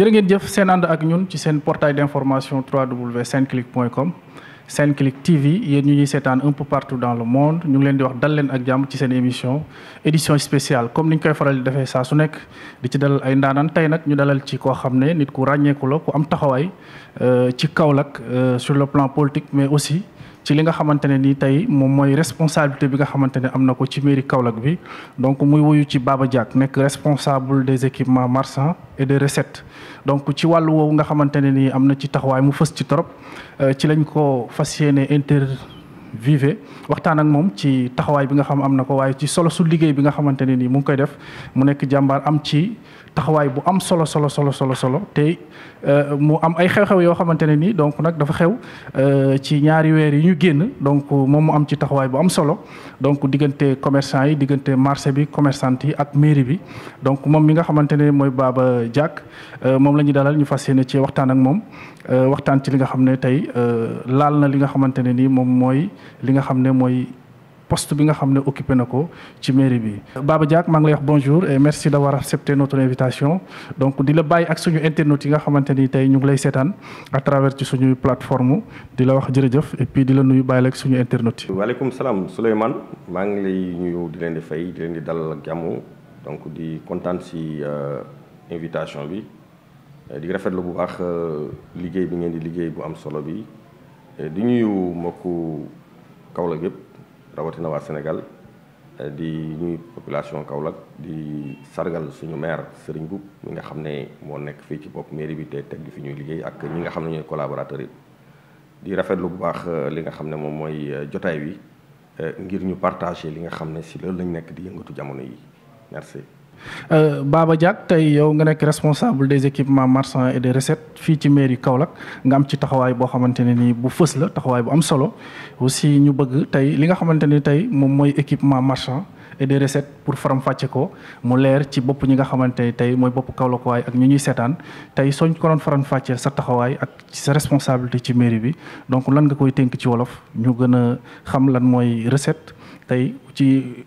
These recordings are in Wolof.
jërë ngeen jëf seen ànd ak ñun ci seen portail d'information www.senclic.com Senclic TV yéen ñu ñuy seetaan un peu partout dans le monde ñu ngi leen di wax dal leen ak jàmm ci seen émission édition spéciale comme ni ñu koy faral di defee saa su nekk di ci dalal ay ndaanaan tey nag ñu dalal ci koo xam ne nit ku ràññeeku la ku am taxawaay euh, ci Kaolack euh, sur le plan politique mais aussi. ci li nga xamante ne nii tey moom mooy responsabilité bi nga xamante ne am na ko ci mairie Kaolack bi donc muy wuyu ci Baba Diack nekk responsable des équipements marchands et des recettes donc ci wàllu woowu nga xamante ne nii am na ci taxawaay mu fës ci trop euh, ci lañ ko fas yéene inter vive waxtaan ak moom ci taxawaay bi nga xam am na ko waaye ci solo su liggéey bi nga xamante ne nii mu ngi koy def mu nekk jàmbaar am ci taxawaay bu am solo solo solo solo solo te euh, mu am ay xew-xew yoo xamante ne nii donc nag dafa xew euh, ci ñaari weer yi ñu génn donc moom mu am ci taxawaay bu am solo donc diggante commerçant yi diggante marché bi commerçant yi ak mairie bi donc moom mi nga xamante ne mooy Baba Diack euh, moom la ñu dalal ñu fas yéene ci waxtaan ak moom waxtaan ci li nga xam ne tey laal na li nga xamante ne nii moom mooy li nga xam ne mooy poste bi nga xam ne occupé na ko ci mairie bi. Baba Diack maa ngi lay wax bonjour et merci d' avoir accepté notre invitation donc di la bàyyi ak suñu internautes yi nga xamante ni tey ñu ngi lay seetaan à travers ci suñuy plateforme di la wax jërëjëf et di la nuyu bàyyi la ak suñu internautes yi. waaleykum salaam Souleymane maa ngi lay nuyu di leen di fay di leen di dalal ak jàmm donc di kontaan si euh, invitation bi di rafetlu bu baax euh, liggéey bi ngeen di liggéey bu am solo bi di nuyu mbokku Kaolack yëpp. rawatina waa Sénégal eh, di ñuy population Kaolack di sargal suñu maire Serigne Mboup mi nga xam ne moo nekk fii ci bopp mairie bi te teg fi ñuy liggéey ak ñi nga xam ne ñooy collaborateurs yi di rafetlu bu baax eh, li nga xam ne moom mooy eh, jotaay wi ngir ñu partager li nga xam ne si loolu lañ nekk di yëngatu jamono yi merci. Euh, baaba Diack tey yow nga nekk responsable des équipements marchands et des recettes fii ci mairie Kaolack nga am ci taxawaay boo xamante ne nii bu fës la taxawaay bu am solo aussi ñu bëgg tey li nga xamante ni tey moom mooy équipement marchand et des recettes pour faram-fàcce ko mu leer ci bopp ñi nga xamante ni tey mooy bopp Kaolack ak ñu ñuy seetaan tey sooñ ko doon faram-fàccee sa taxawaay ak sa responsabilité ci mairie bi donc lan nga koy tënk ci wolof ñu gën a xam lan mooy recette. tey ci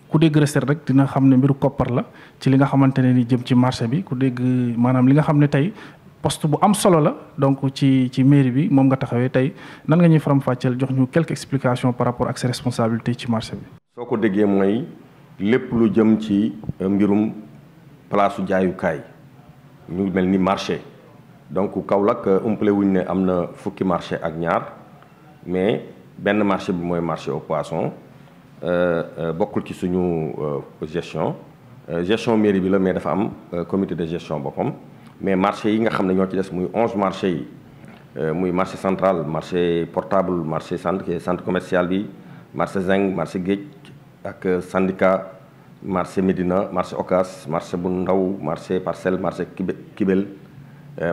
ku dégg recette rek dina xam ne mbiru koppar la ci li nga xamante ne ni jëm ci marché bi ku dégg maanaam li nga xam ne tey poste bu am solo la donc ci ci mairie bi moom nga taxawee tey nan nga ñuy faram-fàcceel jox ñu quelques explications par rapport ak ses responsabilités ci marché bi. soo ko déggee mooy lépp lu jëm ci euh, mbirum place jaayukaay ñu mel ni marché donc Kaolack euh, umpale wuñ ne am na fukki marché ak ñaar mais benn marché bi mooy marché au Euh, euh, bokkul ci suñu euh, gestion gestion mairie bi la mais dafa am comité de gestion boppam mais marché yi nga xam ne ñoo ci des muy onze marché yi muy marché central marché portable marché centre centre commerciale bi marché zinc marché géej ak syndicat marché Médina marché Ocas marché bu ndaw marché parcelle marché kibel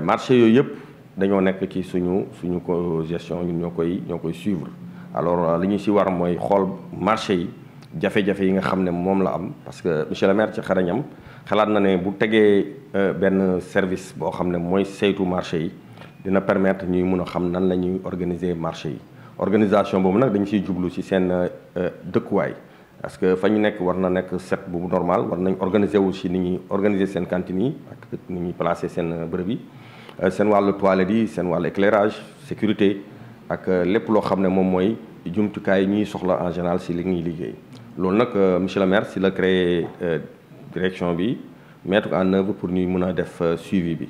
marché yooyu yëpp dañoo nekk ci suñu suñu ko gestion ñun ñoo koy ñoo koy suivre alors euh, li ñu si war mooy xool marché yi jafe-jafe yi nga xam ne moom la am parce que monsieur le maire ci xarañam xalaat na ne bu tegee euh, benn service boo xam ne mooy saytu marché yi dina permettre ñuy mun a xam nan la ñuy organiser marché yi organisation boobu nag dañ siy jublu si seen euh, dëkkuwaay parce que fa ñu nekk war na nekk set bu normal war nañ organiser wu si ni ñuy organiser seen cantine ak ni ñuy placer seen bërëb yi seen wàllu toilette yi seen wàllu éclairage sécurité ak euh, lépp loo xam ne moom mooy jumtukaay yi ñuy soxla en général si li ñuy liggéey loolu nag euh, monsieur le maire si la créé euh, direction bi mettre en œuvre pour ñuy mun a def suivi bi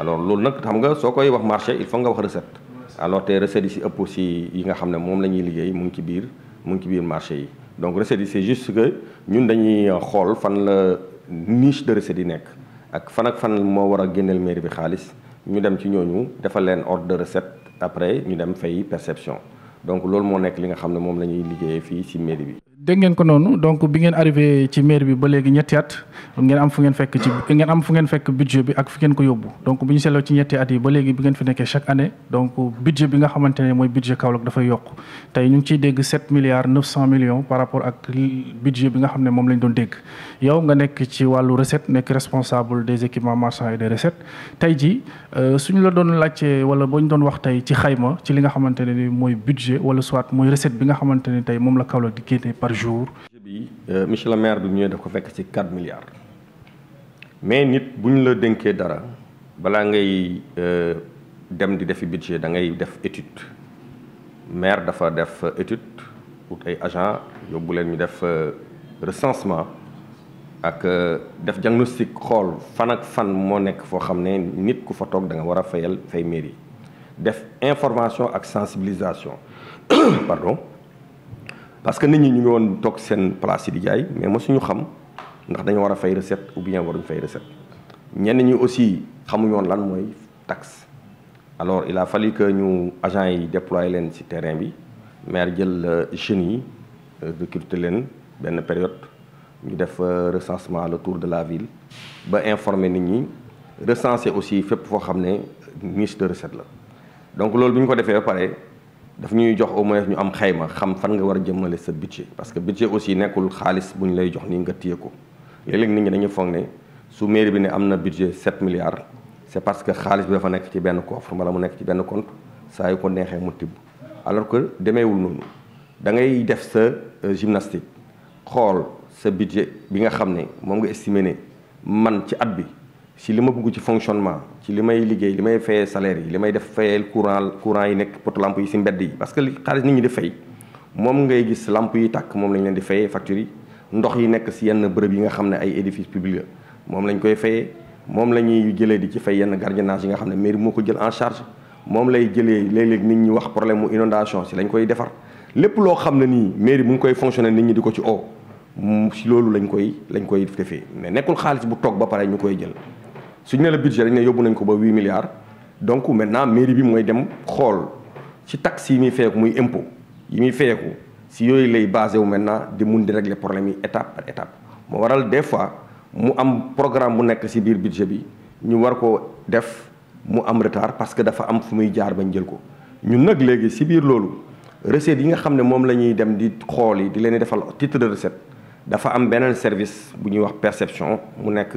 alors loolu nag xam nga soo koy wax marché il faut nga wax recette alors te recettes yi si ëpp si yi nga xam ne moom lañuy ñuy liggéey mu ngi ci biir mu ngi ci biir marché yi donc recettes yi c'est juste que ñun dañuy xool fan la niche de recette yi nekk ak fan ak fan moo war a génneel mairie bi xaalis ñu dem ci ñooñu defal leen ordre de recette après ñu dem fay perception donc loolu moo nekk li nga xam ne moom la ñuy liggéeyee fii ci mairie bi. dégg ngeen ko noonu donc bi ngeen arrivé ci maire bi ba léegi ñetti ngeen am fu ngeen fekk ci ngeen am fu ngeen fekk budget bi ak fu ngeen ko yóbbu donc bu ñu seetloo ci ñetti at yi ba léegi bi ngeen fi nekkee chaque année donc budget bi nga xamante ne mooy budget Kaolack dafay yokk tey ñu ngi ciy dégg bi nga xam ne moom lañ doon dégg yow nga nekk ci wàllu recette nekk tey ji euh, suñu la doon laajte wala boo ñu doon wax tey ci xayma ci li nga xamante ne ni mooy budget wala soit mooy recette bi nga xamante ne tey moom la Kaolack di génnee par jour. bi euh, le maire bi mu ñëwee daf ko fekk ci 4 milliards mais nit bu ñu la dénkee dara balaa ngay euh, dem di defi budget da ngay def étude maire dafa def euh, étude ut ay agent yóbbu leen ñu def recensement ak def diagnostic xool fan ak fan moo nekk foo xam ne nit ku fa toog da nga war a fayal fay mairie def information ak sensibilisation pardon parce que nit ñi ñu ngi woon toog seen place yi di jaay mais mosuñu xam ndax dañu war a fay recette ou bien waruñu fay recette ñenn ñi aussi xamuñu woon lan mooy tax alors il a fallu ñu agents yi déployer leen ci terrain bi maire jël euh, jeunes yi euh, recruter leen benn période ñu def euh, recensement le tour de la ville ba informer nit ñi recenser aussi fépp foo xam ne niche de recette la donc loolu bi ñu ko defee ba pare. daf ñuy jox au moins ñu am xayma xam fan nga war a jëmmale sa budget parce que budget aussi nekkul xaalis bu ñu lay jox nii nga téye ko léeg-léeg nit ñi dañu foog ne su mairie bi ne am na budget 7 milliards c'est parce que xaalis bi dafa nekk ci benn coffre wala mu nekk ci benn compte saa yu ko neexee mu tibb alors que demeewul noonu da ngay def sa euh, gymnastique xool sa budget bi nga xam ne moom nga estimé ne man ci at bi si li ma bugg ci fonctionnement ci li may liggéey li may fayee salaire yi li may def fayeel courant courant yi nekk pot lamp yi si mbedd yi parce que xaalis nit ñi di fay moom ngay gis lamp yi tàkk moom lañ leen di fayee facture yi ndox nekk si yenn bërëb yi nga xam ne ay édifice public moom lañ koy fayee moom la ñuy jëlee di ci fay yenn gardiennage yi nga xam ne mairie moo ko jël en charge moom lay jëlee léeg-léeg nit ñi wax problème mu inondation si lañ koy defar lépp loo xam ne nii mairie bu ngi koy fonctionner nit ñi di ko ci o si loolu lañ koy lañ koy defee mais nekkul xaalis bu toog ba pare ñu koy jël suñu ne la budget dañ ne yóbbu nañ ko ba huit milliards donc maintenant mairie bi mooy dem xool ci taxe yi muy feyeku muy impôt yi muy feyeku si yooyu lay basé wu maintenant di mun di régler problème yi état par étape moo waral des fois mu am programme bu nekk si biir budget bi ñu war ko def mu am retard parce que dafa am fu muy jaar bañ jël ko ñun nag léegi si biir loolu recettes yi nga xam ne moom la ñuy dem di xool yi di leen defal titre de recette dafa am beneen service bu ñuy wax perception mu nekk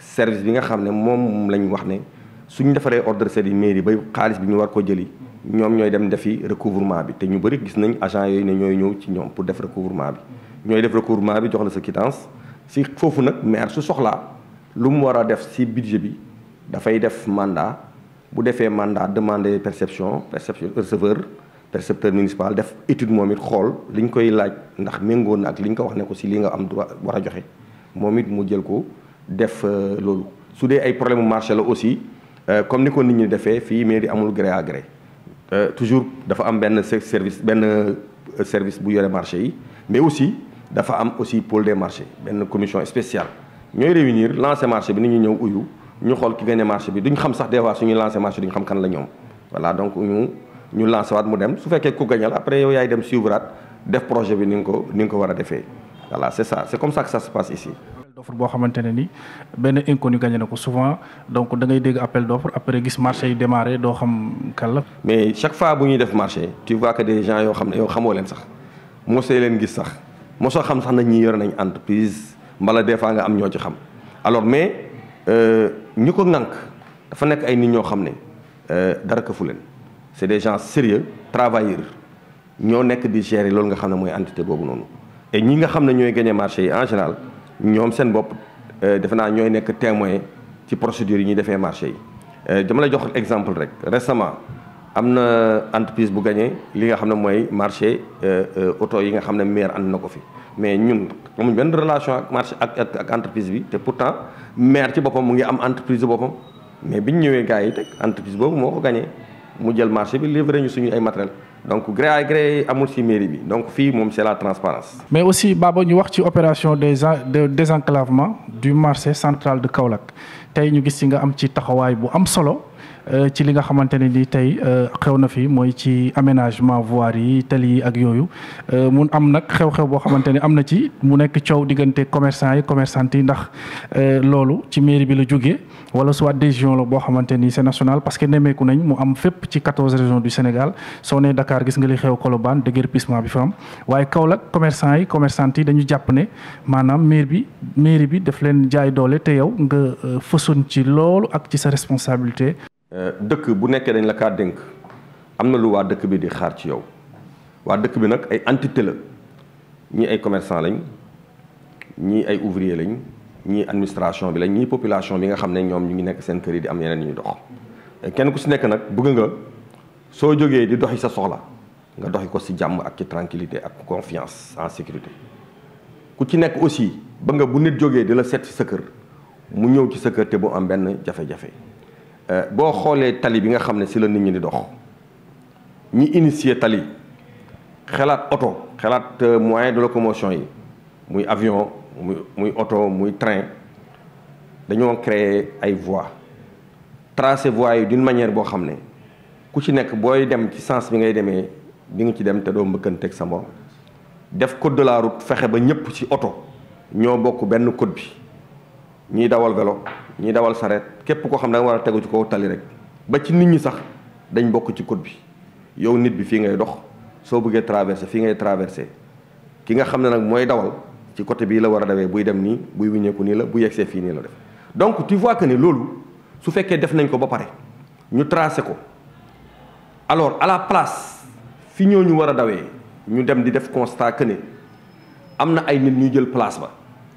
service bi nga xam ne moom lañ wax ne suñ defaree ordre de service yi bay xaalis bi ñu war ko jëli ñoom ñooy dem defi recouvrement bi te ñu bëri gis nañ agent yooyu ne ñooy ñëw ci ñoom pour def recouvrement bi ñooy def recouvrement bi jox na sa quittance si foofu nag maire su soxla lu mu war a def si budget bi dafay def mandat bu defee mandat demander perception perception receveur percepteur municipal def étude moom it xool ñu koy laaj ndax méngoo na ak liñ ko wax ne ko si li nga am droit war a joxe moom it mu jël ko def euh, loolu su dee ay problème mu marché la aussi euh, comme ni ko nit ñi defee fii mairie amul gré à gré euh, toujours dafa am benn service benn service bu yore marché yi mais aussi dafa am aussi pole des marchés benn commission spéciale ñooy réunir lancer marché bi ni ñu ñëw uyu ñu xool ki gagné marché bi duñ xam sax des fois suñuy lancer marché duñ xam kan la ñoom voilà donc ñu ñu lancer waat mu dem su fekkee ku gagné la après yow yaay dem suivraat def projet bi ni nga ko ni nga ko war a defee voilà comme ça que ça d'offre boo xamante ne ni benn inconnu gagné ko souvent donc dangay dégg appel d'offre après gis marché yi démarré doo xam kan la. mais chaque fois bu ñuy def marché tu vois que des gens xam ne yow xamoo leen sax mosoo leen gis sax mosoo xam sax nañ ñi yore nañ entreprise mbala des fois nga am ñoo ci xam alors mais euh, ñu ko ŋànk dafa nekk ay nit ñoo xam ne euh, dara këfu leen c'est des gens sérieux travailleurs ñoo nekk di gérer loolu nga xam ne mooy entité boobu noonu et ñi nga xam ne ñooy gagné marché yi en général. ñoom seen bopp euh, defe naa ñooy nekk témoin ci procédure yi ñuy defee marché yi euh, dama la jox exemple rek récemment am na entreprise bu gagné li nga xam ne mooy marché oto euh, yi nga xam ne maire ànd na ko fi mais ñun amuñ benn relation ak marché ak ak entreprise bi te pourtant maire ci boppam mu ngi am entreprise boppam mais bi ñu ñëwee gars yi teg entreprise boobu moo ko gagné mu jël marché bi livré ñu suñu ay matériel donc gré à gré amul ci mairie bi donc fii moom c'est la transparence mais aussi Baba ñu wax ci opération des de désenclavement du marché centrale de Kaolack tey ñu gis ci nga am ci taxawaay bu am solo Euh, ci li nga xamante ne ni tey euh, xew na fi mooy ci aménagement voirie yi tali yi ak yooyu euh, mun am nag xew-xew boo xamante ni am na ci mu nekk coow diggante commerçant yi commerçante yi ndax loolu ci mairie bi la jógee wala soit décision la boo xamante ni c'est national parce que nemmeeku nañ mu am fépp ci quatorze régions du Sénégal soo nee Dakar gis nga li xew Colobane déguerpissement bi fa am waaye Kaolack commerçant yi commerçante yi dañu jàpp ne maanaam maire bi mairie bi daf leen jaay doole te yow nga fësoon ci loolu ak ci sa responsabilité dëkk bu nekkee dañ la kaa dénk am na lu waa dëkk bi di xaar ci yow waa dëkk bi nag ay entité la ñii ay commerçant lañ ñii ay ouvrier lañ ñii administration bi lañ ñii population bi nga xam ne ñoom ñu ngi nekk seen kër yi di am yeneen ñuy dox kenn ku si nekk nag bugg nga soo jógee di doxi sa soxla nga doxi ko si jàmm ak ci tranquillité ak confiance en sécurité ku ci nekk aussi ba nga bu nit jógee di la set si sa kër mu ñëw ci sa kër te bu am benn jafe Euh, boo xoolee tali bi nga xam ne si la nit ñi di dox ñi initier tali xelaat oto xalaat euh, moyen de locomotion yi muy avion muy muy oto muy train dañoo créer ay voies tracer voies yi d'une manière boo xam ne ku ci nekk booy dem ci sens bi ngay demee bi nga ci dem te doo mbëkkanteeg sa morom def code de la fexe ba ñëpp ci oto ñoo bokk benn code bi ñiy dawal vélo ñiy dawal sareet képp koo xam ne da war a tegu ci kow tali rek ba ci nit ñi sax dañ bokk ci code bi yow nit bi fii ngay dox soo bëggee traversé fii ngay traversé ki nga xam ne nag mooy dawal ci côté bii la war a dawee buy dem nii buy wiñeeku nii la bu yegsee fii nii la def donc tu vois que ne loolu su fekkee def nañ ko ba pare ñu tracé ko alors à la place fi ñu war a dawee ñu dem di def constat que ne am na ay nit ñuy jël place ba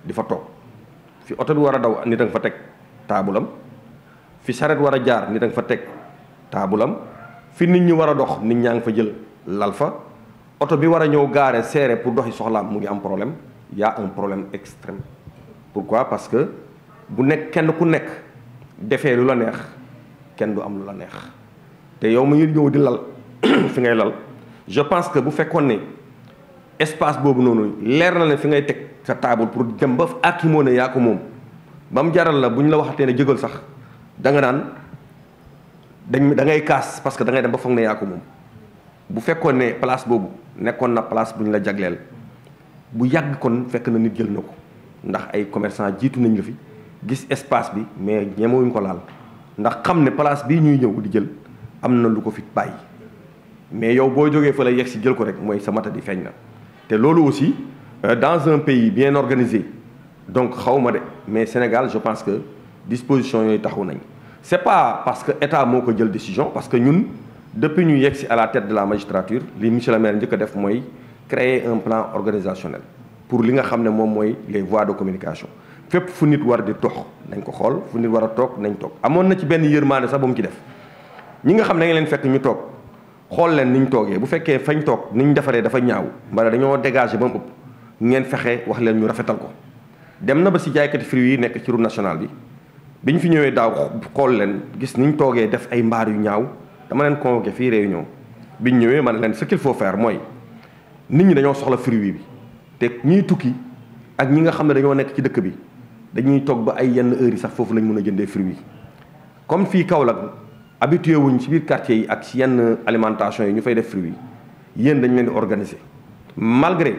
di fa toog fi oto bi war a daw nit a nga fa teg taabulam fi saret war a jaar nit a nga fa teg taabulam fi nit ñi war a dox nit ñaa ngi fa jël lal fa oto bi war a ñëw gaare seere pour doxi soxlaa mu ngi am problème y a un problème extrême pourquoi parce que bu nekk kenn ku nekk defee lu la neex kenn du am lu la neex te yow mu ñu ñëw di lal fi ngay lal je pense que bu fekkoon ne espace boobu noonu leer na la fi ngay teg sa taabul pour dem ba ak moo ne yaa ko moom ba mu jaral la bu ñu la waxatee ne jëgal sax da nga naan dañ da ngay kaas parce que da dem ba foog ne yaa ko moom bu fekkoon ne place boobu nekkoon na place bu ñu la jagleel bu yàgg kon fekk na nit jël na ko ndax ay commerçant jiitu nañ la fi gis espace bi mais ñemewuñ ko laal ndax xam ne place bii ñuy ñëw di jël am na lu ko fi bàyyi mais yow boo jógee fa la yegg si jël ko rek mooy sa mata feeñ na te loolu aussi euh, dans un pays bien organisé donc xaw ma de mais Sénégal je pense que disposition yooy taxaw nañ c' est pas parce que état moo ko jël décision parce que ñun depuis ñu yegg si à la tête de la magistrature li monsieur le maire def mooy créer un plan organisationnel pour li nga xam ne moom mooy les voies de communication fépp fu nit war di tox nañ ko xool fu nit war a toog nañ toog amoon na ci benn yërmaande sax ba mu ci def ñi nga xam ne da nga leen ñu toog xool leen ni ñu toogee bu fekkee fañ toog ni ñu defaree dafa ñaaw mbala dañoo dégager ba mu ëpp ngeen fexe wax leen ñu rafetal ko dem na ba si jaaykati fruits yi nekk ci route nationale bi bi ñu fi ñëwee daaw xool leen gis ni ñu toogee def ay mbaar yu ñaaw dama leen convoqué fii réunion bi ñu ñëwee ma ne leen ce qu'il fair mooy nit ñi dañoo soxla fruits bi te ñiy tukki ak ñi nga xam ne dañoo nekk ci dëkk bi dañuy toog ba ay yenn heures sax foofu lañ mën a jëndee fruits comme fii Kaolack habitué wuñ ci biir quartier yi ak ci yenn alimentation yi ñu fay def fruits yi yéen dañu leen di organiser malgré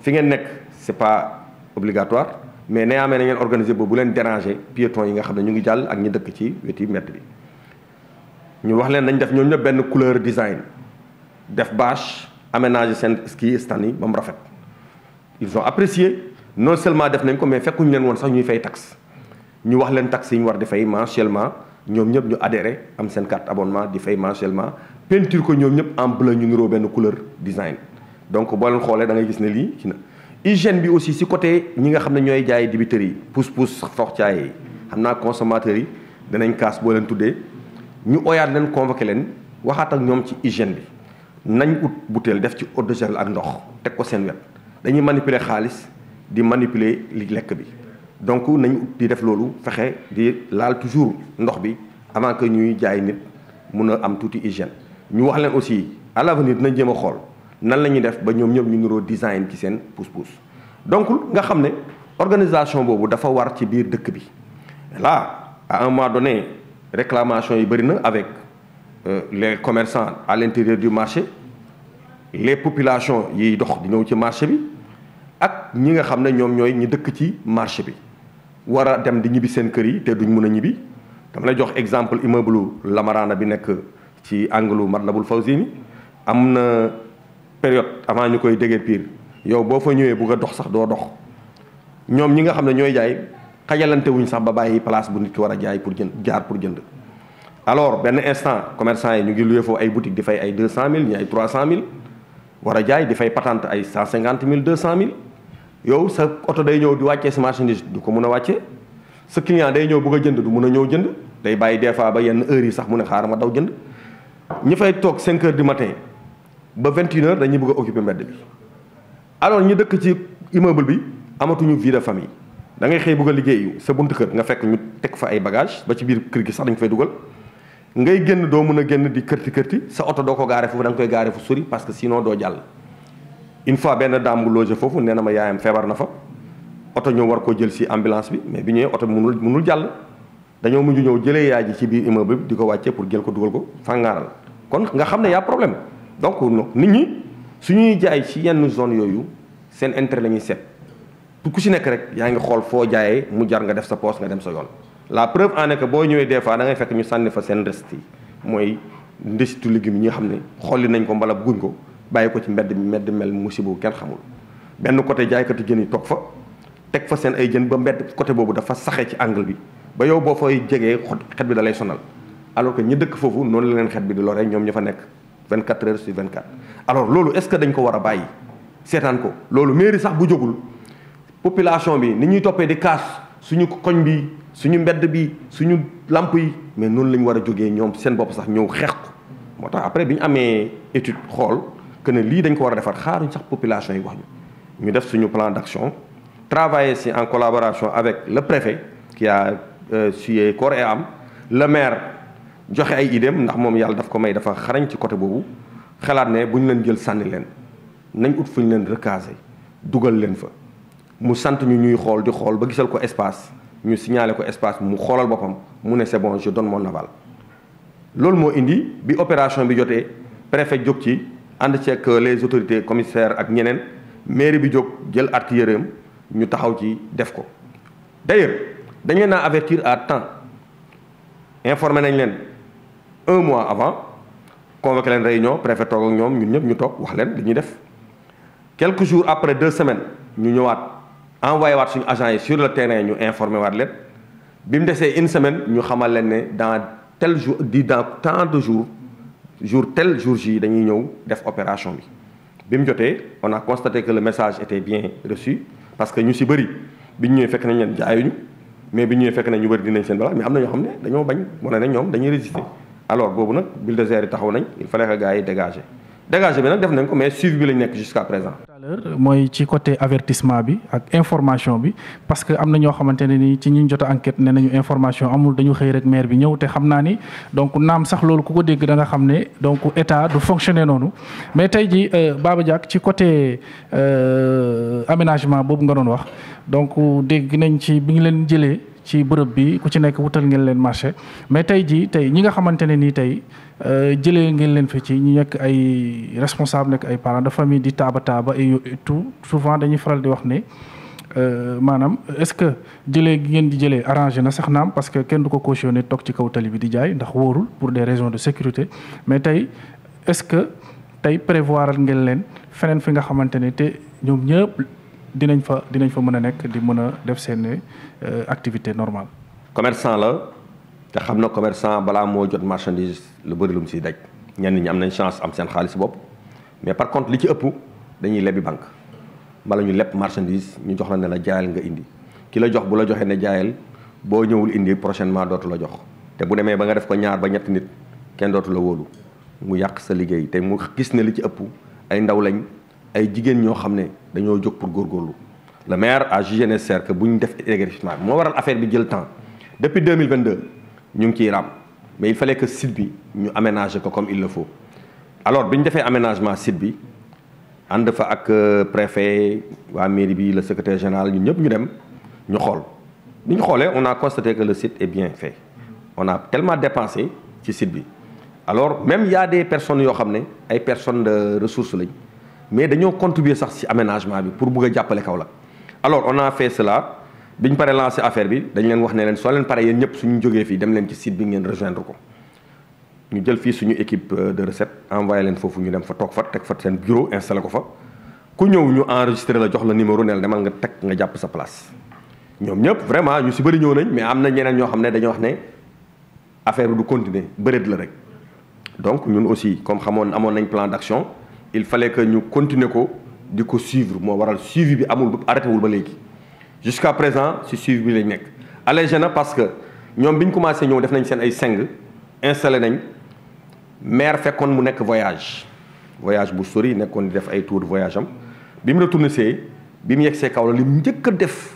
fi ngeen nekk c'est pas obligatoire mais nee amee na ngeen organiser boobu leen déranger piétons yi nga xam ne ñu ngi jàll ak ñu dëkk ci weti mbedd bi ñu wax leen dañu def ñoom ñëpp benn couleur design def bâche aménager seen ski stand yi ba mu rafet ils ont apprécié non seulement def nañ ko mais fekkuñu leen woon sax ñuy fay taxe ñu wax leen taxe yi ñu war di fay mensuellement ñoom ñëpp ñu adhéré am seen carte abonnement di fay mensuellement peinture ko ñoom ñëpp en bleu ñu niroo benn couleur design donc boo leen xoolee da ngay gis ne lii ci na hygiène bi aussi si côté ñi nga xam ne ñooy jaay dibiteri yi pousse-pousse forcaay yi xam naa consommateurs yi danañ kaas boo leen tuddee ñu oyaat leen convoqué leen waxaat ak ñoom ci hygiène bi nañ ut butéel def ci eau ak ndox teg ko seen wet dañuy manipuler xaalis di manipuler li lekk bi donc nañu di def loolu fexe di laal toujours ndox bi avant que ñuy jaay nit mun a am tuuti hygiène ñu wax leen aussi à l'avenir dina jéem a xool nan la ñuy def ba ñoom ñëpp ñu niroo design ci seen pousse-pousse donc nga xam ne organisation boobu dafa war ci biir dëkk bi là à un moment donné réclamation yi bëri na avec euh, les commerçants à l'intérieur du marché les populations yiy dox di ñëw ci marché bi ak ñi nga xam ne ñoom ñooy ñu dëkk ci marché bi war a dem di ñibbi seen kër yi te duñ mun a ñibbi dama lay jox exemple immeuble lamaraana bi nekk ci angle Matlaboul Fawzeyni am na période avant ñu koy déguerpir yow boo fa ñëwee bu nga dox sax doo dox ñoom ñi nga xam ne ñooy jaay xajalante wuñ sax ba bàyyi place bu nit ki war a jaay pour jënd jaar pour jënd. alors benn instant commerçant yi ñu ngi loué foofu ay boutique di fay ay deux cent mille ñi ay trois cent mille war a jaay di fay patant ay cent cinquante mille deux cent mille. yow sa oto day ñëw di wàccee sa marchandise du ko mun a wàccee sa client day ñëw bëgg a jënd du mun a ñëw jënd day bàyyi des fois ba yenn heure yi sax mu ne xaaral ma daw jënd ñi fay toog 5 di du matin ba 21 heures dañuy bëgg a occuper mbedd bi alors ñu dëkk ci immeuble bi amatuñu vie de famille da ngay xëy bëgg a liggéeyu sa buntu kër nga fekk ñu teg fa ay bagage ba ci biir kër gi sax dañu fay dugal ngay génn doo mun a génn di kërti kërti sa oto doo ko gaare foofu parce que sinon doo jàll une fois benn daam foofu nee na ma yaayam feebar na fa oto ñëw war koo jël si ambulance bi mais bi ñëwee oto bi munul munul jàll dañoo mujj ñëw jëlee yaay ji ci biir immeuble bi di ko wàccee pour jël ko dugal ko fàngaaral kon nga xam ne yaa problème donc nit ñi su ñuy jaay ci yenn zone yooyu seen intérêt la ñuy seet ku si nekk rek yaa ngi xool foo jaayee mu jar nga def sa poche nga dem sa yoon la preuve en est boo ñëwee des fois da ngay fekk ñu sànni fa seen reste yi mooy ndesitu légumes yi nga xam ne xolli nañ ko mbala bugguñ ko bàyyi ko ci mbedd mi mbedd mel musiba bu kenn xamul benn côté jaaykatu jën yi toog fa teg fa seen ay jën ba mbedd côté boobu dafa saxee ci angle bi ba yow boo fay jegee xet bi dalay sonal alors que ñi dëkk foofu noonu la leen xet bi di loree ñoom ña fa nekk 24 heures sur 24. alors loolu est-ce que dañ ko war a bàyyi seetaan ko loolu mairie sax bu jógul population bi ni ñuy toppee di kaas suñu koñ bi suñu mbedd bi suñu làmp yi mais noonu la ñu war a jógee ñoom seen bopp sax ñëw xeex moo tax après bi ñu amee étude xool. que ne lii dañ ko war a defar xaaruñ sax population yi wax ñu ñu def suñu plan d'action travailler si en collaboration avec le préfet qui a euh, sué corps et âme le maire joxe ay idéem ndax moom yàlla daf ko may dafa xarañ ci côté boobu xalaat ne bu ñu leen jël sànni leen nañ ut fu ñu leen recaser dugal leen fa mu sant ñu ñuy xool di xool ba gisal ko espace ñu signaler ko espace mu xoolal boppam mu ne c'est bon je loolu moo indi bi opération ànd ceeg euh, les autorités commissaires ak ñeneen mairie bi jóg jël artillerie ñu taxaw ci def ko. d'ailleurs dañ leen a avertir à temps informé nañ leen un mois avant convoqué leen réunion préfet toog ak ñoom ñun ñëpp ñu toog wax leen li ñuy def quelque jour après deux semaines ñu ñëwaat envoyé waat suñu agent yi sur le terrain ñu informé waat leen bi mu desee une semaine ñu xamal leen ne dans tel jour di dans tant de jours. jour tel jour yi dañuy ñëw def opération bi bi mu jotee on a constaté que le message était bien reçu parce que ñu si bëri bi ñu ñëwee fekk nañ leen jaayuñu mais bi ñu ñëwee fekk nañ ñu bëri dinañ seen balaa mais am na ñoo xam ne dañoo bañ wane ne ñoom dañuy résister alors boobu nag bulldozer yi taxaw nañ il fallait que gars yi dégager. dégagé bi nag def nañ ko mais suivi bi lañ nekk jusqu'à présent. mooy ci côté avertissement bi ak information bi parce que am na ñoo xamante ne nii ci ñuñ jot a ne nañu information amul dañu xëy rek maire bi ñëw te xam naa ni donc naam sax loolu ku ko dégg da nga xam ne donc état du fonctionner noonu mais tey ji euh, Baba Diack ci côté euh, aménagement boobu nga doon wax donc dégg nañ ci bi ngi leen jëlee ci bërëb bi ku ci nekk wutal ngeen leen marché mais tey ji tey ñi nga xamante ne nii tey Euh, jëlee ngeen leen fi ci ñu nekk ay responsable nekk ay parents de famille di taaba taaba et tout souvent dañuy faral di wax ne euh, maanaam est-ce que jëlee gi ngeen di jëlee arrangé na sax naam parce que kenn du ko cautionné toog ci kaw tali bi di jaay ndax wóorul pour des raisons de sécurité mais tey est-ce que tey prévoir ngeen leen feneen fi nga xamante ne te ñoom ñëpp dinañ fa dinañ fa mën a nekk di mën a def seen euh, activité normale commerçant la te xam na commercant balaa moo jot marchandise lu bëri lu mu siy daj ñenn ñi am nañ chance am seen xaalis bopp mais par contre li ci ëpp dañuy lebi banque mala ñu leb marchandise ñu jox la ne la jaayal nga indi ki la jox bu la joxee ne jaayal boo ñëwul indi prochainement dootu la jox te bu demee ba nga def ko ñaar ba ñetti nit kenn dootu la wóolu mu yàq sa liggéey te mu gis ne li ci ëpp ay ndaw lañ ay jigéen ñoo xam ne dañoo jog pour góorgóorlu le maire a jugé nécessaire bu ñu def éclaircissement bi moo waral affaire bi jël temps depuis 2022 ñu ngi ciy raam mais il fallait que site bi ñu aménager ko comme il le faut alors bi ñu defee aménagement site bi ànd fa ak euh, préfet waa mairie bi le secretaire général ñu ñëpp ñu dem ñu xool bi ñu xoolee on a constaté que le site est bien fait on a tellement dépensé ci site bi alors même y a des personnes yoo xam ne ay personnes de ressources lañ mais dañoo contribuer sax ci aménagement bi pour bëgg a jàppale Kaolack alors on a fait cela biñ pare lancé affaire bi dañ leen wax ne leen soo leen pare yéen ñëpp suñu jógee fii dem leen ci site bi ngeen rejoindre ko ñu jël fii suñu équipe euh, de recette envoyé leen foofu ñu dem fa toog fa teg fa seen bureau installé ko fa ku ñëw ñu enregistré la jox la numéro neel demal nga teg nga jàpp sa place ñoom ñëpp vraiment ñu si bëri ñëw nañ mais am na ñeneen ñoo xam ne dañoo wax ne affaire bi du continuer bëreet la rek donc ñun aussi comme xamoon amoon nañ plan d'action il fallait que ñu continuer ko di ko suivre moo waral suivi bi amul arrêté wul ba léegi jusqu'à présent si suivi bi lañ nekk allégé na parce que ñoom bi ñu commencé ñëw def nañ seen ay seng installé nañ maire fekkoon mu nekk voyage voyage bu sori nekkoon di def ay tour voyage bi mu retourné see bi mu yegg see kaw la li mu njëkk a def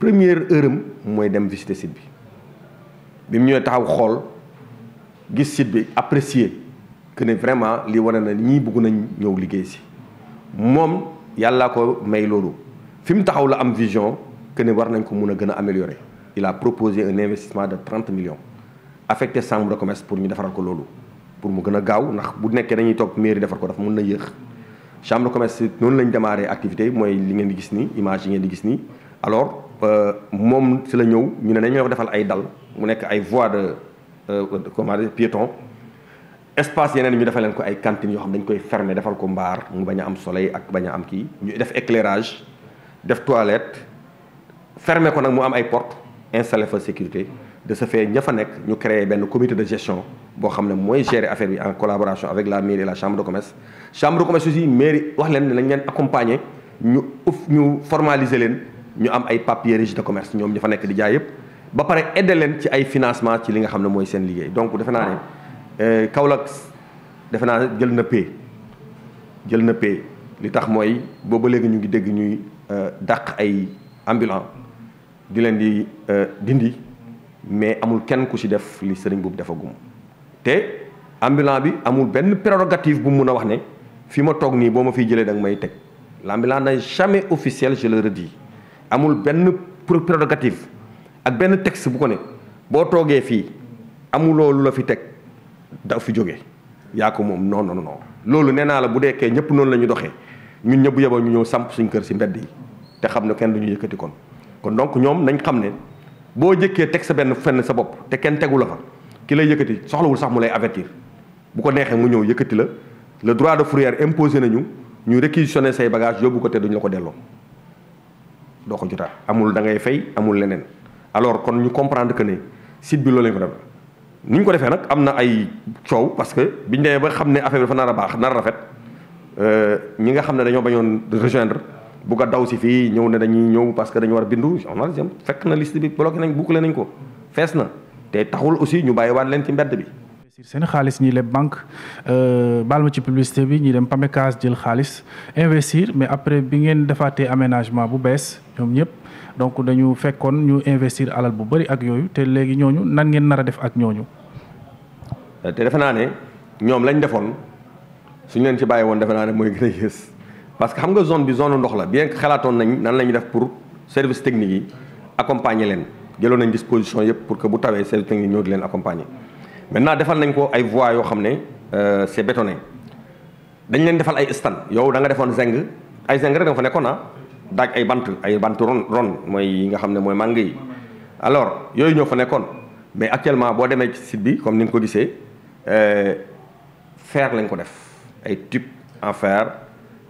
première heure am mooy dem visiter site bi bi mu ñëwee taxaw xool gis site bi apprécier que ne vraiment li wane na ñii bëgg nañ ñëw liggéey si moom yàlla ko may loolu fi mu taxaw la am vision que ne war nañ ko mun a gën a améliorer il a proposé un investissement de trente million affecté chambre de commerce pour ñu defaral ko loolu pour mu gën a gaaw ndax bu nekkee dañuy toog mairie defar ko dafa mun na yéex chambre de commerce noonu lañ démarré activité mooy li ngeen di gis nii image yi ngeen di gis nii alors euh, moom si la ñëw ñu ne dañ ñoo defal ay dal mu nekk ay voies de euh, comment dire piéton espace yeneen ñu defal leen ko ay cantines yoo xam dañ koy fermer defal ko mbaar mu bañ a am soleil ak bañ a am kii ñu def éclairage def toilette fermé ko nag mu am ay porte installé fa sécurité de ce fait ña fa nekk ñu créé benn comité de gestion boo xam ne mooy gérer affaire bi en collaboration avec la mairie et la chambre de commerce chambre de commerce aussi mairie wax leen ne nañ leen accompagner ñu uf ñu formaliser leen ñu am ay papier registre de commerce ñoom ña fa nekk di jaay yëpp ba pare aider leen ci ay financement ci li nga xam ne mooy seen liggéey donc defe naa ne euh, Kaolack defe naa jël na pay jël na pay li tax mooy booba léegi ñu ngi dégg ñuy Euh, dàq ay ambulant di leen di euh, dindi mais amul kenn ku si def li sëriñ boobu dafa gum te ambulant bi amul benn prérogative bu mun a wax ne fi ma toog nii boo ma fiy jëlee da nga may teg l'ambulant n'est jamais officiel je le redis amul benn prérogative ak benn texte bu ko ne boo toogee fii amuloo lu la fi teg da fi jóge yaa ko moom non non non loolu nee naa la bu deekee ñëpp noonu la ñu doxee ñun ñëpp yeboo ñu ñëw samp suñ kër si mbedd yi te xam ne kenn du ñu yëkkati kon kon donc ñoom nañ xam ne boo jëkkee teg sa benn fenn sa bopp te kenn tegu la fa ki lay yëkkati soxlawul sax mu lay avertir bu ko neexee mu ñëw yëkkati la le droit de fourrière imposé nañu ñu réquisitionner say bagages yóbbu ko te duñ la ko delloo doo ko jotaat amul da ngay fay amul leneen alors kon ñu comprendre que ne site bi loolu lañ ko def ni ñu ko defee nag am na ay soow parce que biñ demee ba xam ne affaire bi dafa a baax nar rafet. Euh, ñi nga xam ne dañoo bañoon rejoindre bugg a daw si fii ñëw ne dañuy ñëw parce que dañu war a bindu journalisme fekk na liste bi bloqué nañ bouclé nañ ko fees na te taxul aussi ñu bàyyi waat leen ci mbedd bi. seen xaalis ñii leb banque euh, baal ma ci publicité bi ñii dem PAMECAS jël xaalis investir mais après bi ngeen defaatee aménagement bu bees ñoom ñëpp donc dañu fekkoon ñu investir alal bu bari ak yooyu te léegi ñooñu nan ngeen nar a def ak ñooñu. Euh, te defe naa ne ñoom lañ defoon. ñu leen ci bàyyi woon defe naa ne mooy gën a yées parce que xam nga zone bi zone ndox la bien que xalaatoon nañ nan la ñuy def pour service technique yi accompagner leen jëloon nañ disposition yëpp pour que bu tawee service technique ñoo di leen accompagner maintenant defal nañ ko ay voies yoo xam ne euh, c'est bétonné dañu leen defal ay stand yow da nga defoon zeng ay zeng rek da nga fa nekkoon ah daaj ay bant ay bant ron ron mooy yi nga xam ne mooy màng yi alors yooyu ñoo fa nekkoon mais actuellement boo demee ci site bi comme ko gisee euh, fer lañ ko def ay tube en fer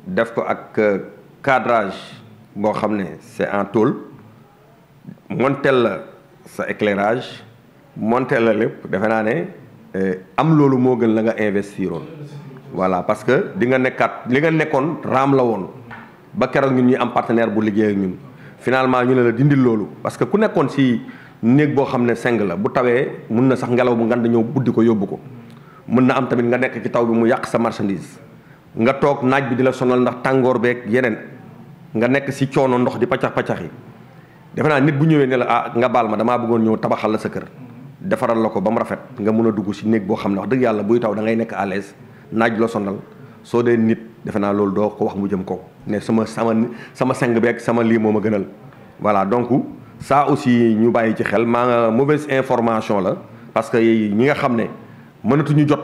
def ko ak euh, cadrage boo xam ne c'est en tôle montel la sa éclairage montel la lépp defe naa ne euh, am loolu moo gën la nga investiroon voilà parce que di nga nekkaat li nga nekkoon raam la woon ba keroog ñun ñuy am partenaire bu liggéey ak ñun finalement ñu ne la dindil loolu parce que ku nekkoon si néeg boo xam ne seng la bu tawee mun na sax ngelaw bu ngand ñëw buddi ko yóbbu ko mën na am tamit nga nekk ci taw bi mu yàq sa marchandise nga toog naaj bi di la sonal ndax tàngoor beeg yeneen nga nekk si coono ndox di paccax paccax yi defe naa nit bu ñëwee ne la ah nga baal ma damaa bëggoon ñëw tabaxal la sa kër defaral la ko ba mu rafet nga mun a dugg si néeg boo xam ne wax dëgg yàlla buy taw dangay nekk à l'aise naaj la sonal soo dee nit defe naa loolu doo ko wax mu jëm ko ne sama sama sama seng beeg sama lii moo ma gënal voilà donc ça aussi ñu bàyyi ci xel maa mauvaise information la parce que ñi nga xam ne mënatuñu jot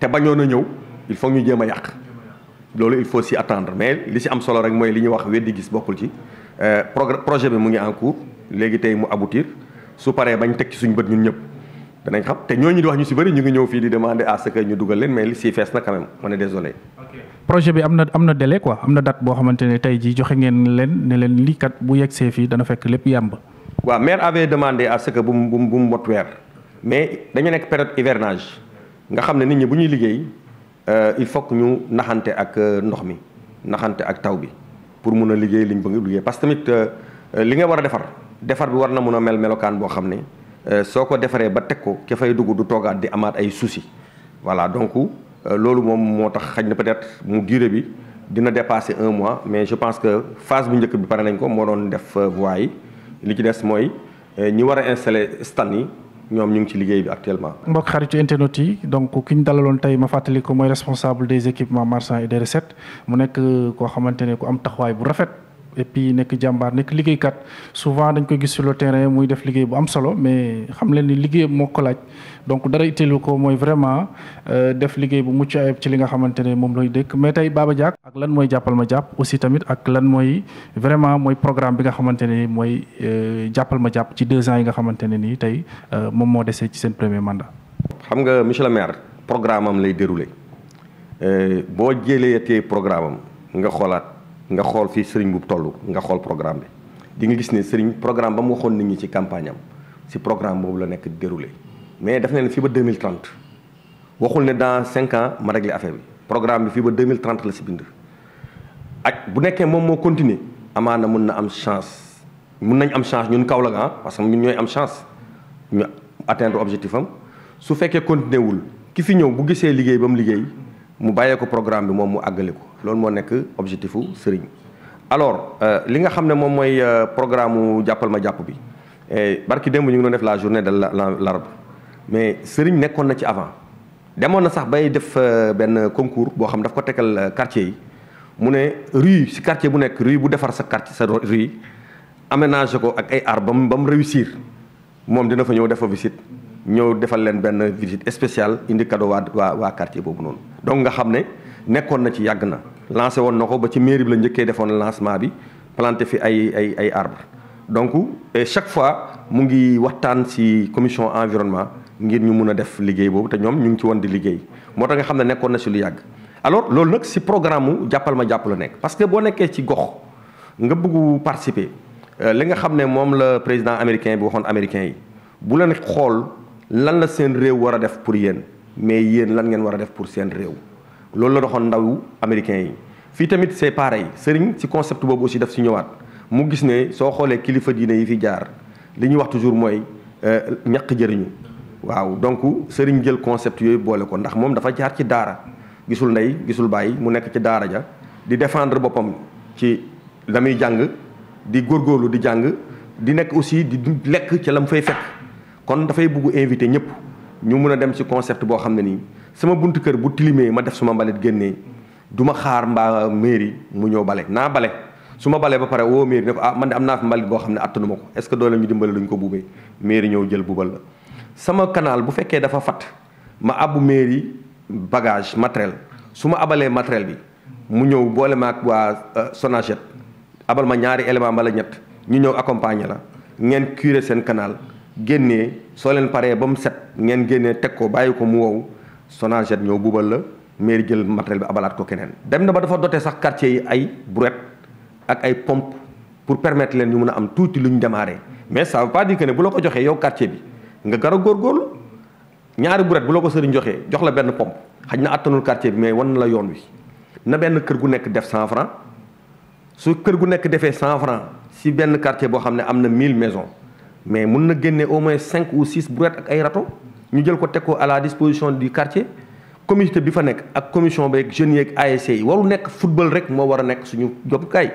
te bañoon a ñëw il faut ñu jéem a yàq loolu il faut si attendre mais li si am solo rek mooy li ñuy wax weddi gis bokkul ci euh, projet bi mu ngi en léegi tey mu aboutir su paree bañ teg ci suñ bët ñun ñëpp danañ xam te ñooñu di wax ñu si bari ñu ngi ñëw fii di demander à que ñu dugal leen mais li ci fees na quand même on est désolé. projet bi am na am na délai quoi am na date boo xamante ne tey jii joxe ngeen leen ne leen lii kat bu yegsee fii dana fekk lépp yàmb. waaw maire avait demandé à que bu mu bu mu mot weer mais dañu nekk période hivernage. nga xam ne nit ñi bu ñuy liggéey euh, il faut que ñu naxante ak euh, ndox mi naxante ak taw bi pour mun a liggéey liñ bëgg liggéey parce que tamit euh, li nga war a defar defar bi war na mun a mel melokaan boo xam ne soo ko defaree ba teg ko ke fay dugg du toogaat di amaat ay souci voilà donc loolu moom moo tax xaj na peut-être mu durée bi dina dépasser un mois mais je pense que phase bu njëkk bi pare nañ ko moo doon def voie yi li ci des mooy ñi war a installer stan yi ñoom ñu ngi ci liggéey bi actuellement. mbokk xaritu internet yi donc ki dalaloon tey ma fàttali ko mooy responsable des équipements marchands et des recettes mu nekk euh, koo xamante ne ku am taxawaay bu rafet. et puis nekk jàmbaar nekk liggéeykat souvent dañ koy gis sur le terrain muy def liggéey bu am solo mais xam leen ni liggéey moo ko laaj donc dara ko mooy vraiment euh, def liggéey bu mucc ci li nga xamante ne moom lay dëkk mais tey Baba Diack ak lan mooy jàppal ma jàpp aussi tamit ak lan vraiment mooy programme bi nga xamante ne mooy euh, jàppal ma jàpp ci deux ans yi nga xamante ne nii tey euh, moom moo desee ci seen premier mandat. xam nga monsieur le maire programme am lay déroulé boo jëlee tey programme am nga xoolaat. nga xool fii sëriñ bu toll nga xool programme bi di nga gis ne sëriñ programme ba mu waxoon nit ñi ci campagne am si programme boobu la nekk déroulé mais daf ne fii ba mille 2030 waxul ne dans cinq ans ma réglé affaire bi programme bi fii ba 2030 la si bind ak bu nekkee moom moo continuer amaana mun na am chance mun nañ am chance ñun Kaolack ah parce que ñun ñooy am chance ñu atteindre objectif am su fekkee continuer wul ki fi ñëw bu gisee liggéey ba mu liggéey mu bàyyee ko programme bi moom mu àggale ko loolu moo nekk objectifu sëriñ alors euh, li nga xam ne moom mooy euh, programme mu jàppal ma jàpp bi eh, barki démb ñu ngi doon def la journée de la l'arbre mais sëriñ nekkoon na ci avant demoon na sax bay def euh, benn concours boo xam daf ko tegal quartier yi mu ne rue si quartier bu nekk rue bu defar sa quartier sa rue aménagé ko ak ay arbre ba mu réussir moom dina fa ñëw def fa visite ñëw defal leen benn visite spéciale indi cadeau waa waa waa quartier boobu noonu donc nga xam ne nekkoon na ci yàgg na lancé woon na ko ba ci mairie bi la njëkkee defoon lancement bi planté fi ay ay ay arbre donc chaque fois mu ngi waxtaan ci commission environnement ngir ñu mun a def liggéey boobu te ñoom ñu ngi ci woon di liggéey moo tax nga xam ne nekkoon na si lu yàgg alors loolu nag si programme mu jàppal ma jàpp la nekk parce que boo nekkee ci gox nga bëggu participer euh, li nga xam ne moom la président américain bi waxoon américain yi bu leen xool lan la seen réew war a def pour yéen mais yéen lan ngeen war a def pour seen réew loolu la doxoon ndaw américains yi fii tamit c'est pareil sëriñ si concept boobu aussi daf si ñëwaat mu gis ne soo xoolee kilifa diine yi fi jaar li ñuy wax toujours mooy euh, ñaq jëriñu waaw donc sëriñ jël concept yooyu boole ko ndax moom dafa jaar ci daara gisul ndey gisul bàyyi mu nekk ci daara ja di défendre boppam ci la muy jàng di góor góorlu di jàng di nekk aussi di lekk ca la mu fay fekk kon dafay bugg invité ñëpp ñu mun a dem ci concept boo xam ne nii sama buntu kër bu tilimee ma def suma mbalit génnee du ma xaar mbaa mairie mu ñëw bale naa bale su ma balee ba pare woo mairie ne ko ah man de am naa fi mbalit boo xam ne attanu ma ko est ce que doole ñu dimbale luñ ko buubee mairie ñëw jël buubal la sama kanaal bu fekkee dafa fat ma abu mairie bagage matériel su ma abalee matériel bi mu ñëw boole ma ak waa euh, Sonaget abal ma ñaari élément mbala ñett ñu ñëw accompagner la ngeen curé seen canal génnee soo leen paree ba mu set ngeen génnee teg ko bàyyi ko mu wow Sonaged ñëw buubal la mairie jël matériel bi abalaat ko keneen. dem na ba dafa dote sax quartier yi ay brouette ak ay pompe pour permettre leen ñu mun a am tuuti lu ñu démarrer mais ça veut pas ne bu la ko joxee yow quartier bi nga gar góor góorgóorlu ñaari brouette bu la ko sëriñ joxee jox la benn pompe xaj na attanul quartier bi mais wan na la yoon wi na benn kër gu nekk def 100 francs su kër gu nekk defee 100 si benn quartier boo xam ne am na 1000 maisons. mais mun na génne au moins cinq ou six brouettes ak ay râteaux ñu jël ko teg ko à la disposition di quartier communauté bi fa nekk ak commission beeg jeunes yeeg ASC yi warul nekk football rek moo war a nekk suñu jobkaay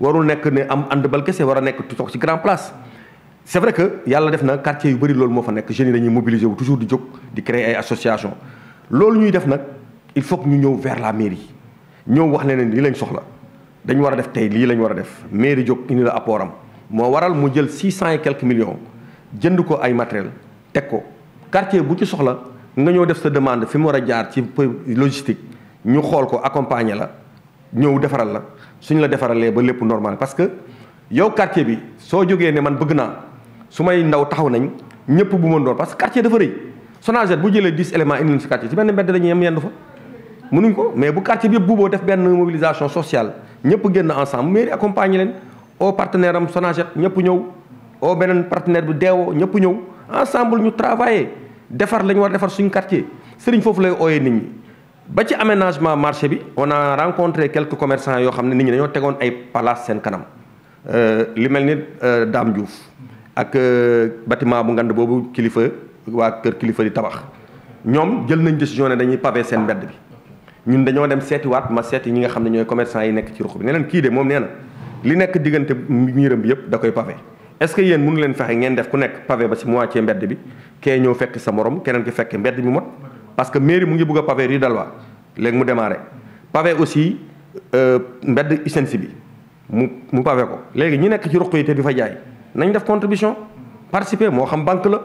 warul nekk ne am handball kese war a nekk toog ci grand place. c'est vrai que yàlla def na quartier yu bëri loolu moo fa nekk jeunes yi dañuy mobiliser wu toujours di jóg di créer ay association loolu ñuy def nag il faut que ñu ñëw vers la mairie ñëw wax ne leen lii lañ soxla dañu war a def tey lii lañ war a def mairie jóg indi la apport am moo waral mu jël six cent et quelques millions jënd ko ay matériel teg ko quartier bu ci soxla nga ñëw def sa demande fi mu war a jaar ci logistique ñu xool ko accompagner la ñëw defaral la suñu la defaralee ba lépp normal parce que yow quartier bi soo jógee ne man bëgg naa su may ndaw taxaw nañ ñëpp bu ma doon parce que dafa rëy Sonaged bu jëlee dix éléments indi leen si quartier ci benn mbedd dañuy yem yendu fa mënuñ ko mais bu quartier bi yëpp buuboo def benn mobilisation sociale ñëpp génn ensemble mairie accompagner leen au partenaire am Sonaged ñëpp ñëw au beneen partenaire bi deewoo ñëpp ñëw ensemble ñu travailler defar la ñu war a defar suñu quartier sëriñ foofu lay ooyee nit ñi. ba ci aménagement marché bi on a rencontré quelques commerçants yoo xam ne nit ñi dañoo tegoon ay palace seen kanam euh, li mel ni euh, daam juuf ak euh, bâtiment bu ngand boobu kilifa waa kër kilifa di tabax ñoom jël nañ décision ne dañuy pavé seen mbedd bi ñun dañoo dem seetiwaat ma seeti ñi nga xam ne ñooy commerçant yi nekk ci ruq kii de moom nee li nekk diggante miiram bi yëpp da koy pavé est-ce que yéen mënu leen fexe ngeen def ku nekk pavé ba ci moitié mbedd bi kee ñëw fekk sa morom keneen ki fekk mbedd bi mot parce que mairie mu ngi bëgg a pavé rue d'Alwa léegi mu démarré pavé aussi euh, mbedd ICNC bi mu mu pavé ko léegi ñu nekk ci ruq yi te di fa jaay nañ def contribution participer moo xam banque la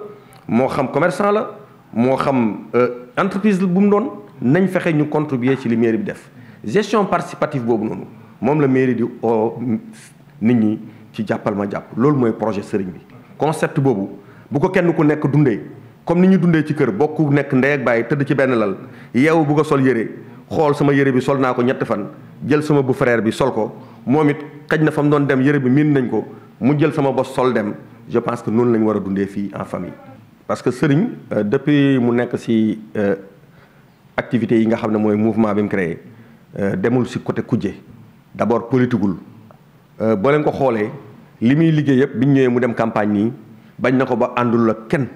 moo xam commercant la moo xam euh, entreprise bu mu doon nañ fexe ñu contribuer ci li bi def gestion participative boobu noonu moom la mairie di oo nit ñi ci jàppal ma jàpp loolu mooy projet sëriñ bi concept boobu bu ko kenn ku nekk dundee comme ni ñu dundee ci kër bokk nekk ndey ak bàyyi tëdd ci benn lal yeewu bu ko sol yére xool sama yére bi sol naa ko ñetti fan jël sama bu frère bi sol ko moom it xaj na fa mu doon dem yére bi miin nañ ko mu jël sama bos sol dem je pense que noonu la ñu war a dundee fii en famille. parce que sëriñ euh, depuis mu nekk si euh, activités yi nga xam ne mooy mouvement bi mu euh, demul si côté kujje d'abord politigul euh, boo leen ko xoolee li muy liggéey yëpp biñ ñëwee mu dem campagne nii bañ na ko ba àndul la kenn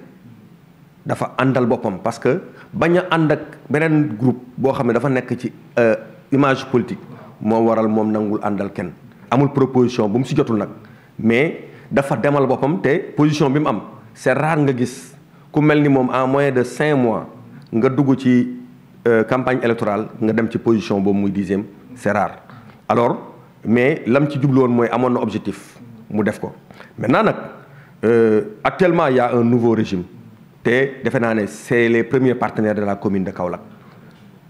dafa àndal boppam parce que bañ a ànd ak beneen groupe boo xam ne dafa nekk ci euh, image politique moo waral moom nangul àndal kenn amul proposition bu mu si jotul nag mais dafa demal boppam te position bi mu am c'est rare nga gis ku mel ni moom en moins de cinq mois nga dugg ci euh, campagne électorale nga dem ci position boobu muy dixième c'est alors mais lam ci jublu woon mooy amoon na objectif mu def ko mais naa nag euh, actuellement il y a un nouveau régime te defe naa ne c'est les premiers partenaires de la commune de Kaolack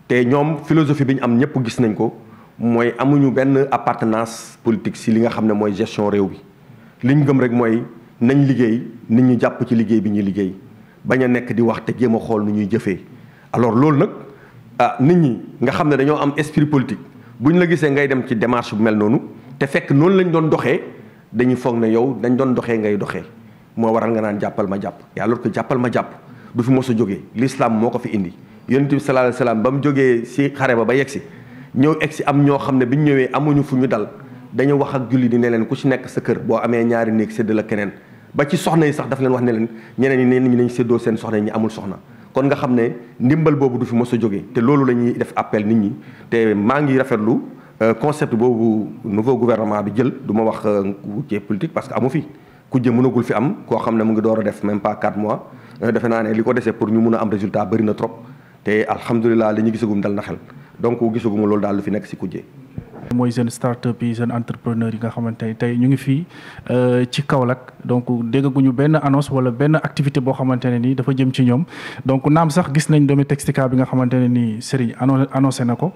te ñoom philosophie bi ñu am ñëpp gis nañ ko mooy amuñu benn appartenance politique si li nga xam ne mooy gestion réew bi li ñu gëm rek mooy nañ liggéey nit ñi jàpp ci liggéey bi ñuy liggéey bañ a nekk di wax te jéem a xool nu ñuy jëfee alors loolu nag ah nit ñi nga xam ne dañoo am esprit politique bu ñu la gisee ngay dem ci démarche bu mel noonu te fekk noonu lañ doon doxee dañuy foog ne yow dañ doon doxee ngay doxee moo waral nga naan jàppal ma jàpp et alors que jàppal ma jàpp du fi mos a jógee l'islam moo ko fi indi yonent bi sallallahu salaam ba mu jógee si xare ba ba yegsi ñëw egsi am ñoo xam ne bi ñu ñëwee amuñu fu ñu dal dañu wax ak julli di ne leen ku ci nekk sa kër boo amee ñaari néeg sédd la keneen ba ci soxna yi sax daf leen wax ne leen ñeneen ñi neen ñi nañ séddoo seen soxna yi amul soxna kon nga xam ne ndimbal boobu du fi mos sa jóge te loolu la ñuy def appel nit ñi te maa ngi rafetlu euh, concept boobu nouveau gouvernement bi jël du ma wax euh, ci politique parce que amu fi ku jë mënagul fi am koo xam ne mu ngi door a def même pas 4 mois euh, defe naa ne li ko desee pour ñu mun a am résultat barina trop te alhamdulilah li ñu gisagum dal na xel donc gisaguma loolu daal lu fi nekk si kujje mooy jeune start-up yi jeune entrepreneur yi nga xamante ne tey ñu ngi fii euh, ci Kaolack donc déggaguñu benn annonce wala benn activité boo xamante ne nii dafa jëm ci ñoom donc naam sax gis nañ domi Textica bi nga xamante ne nii Serigne annoncé na ko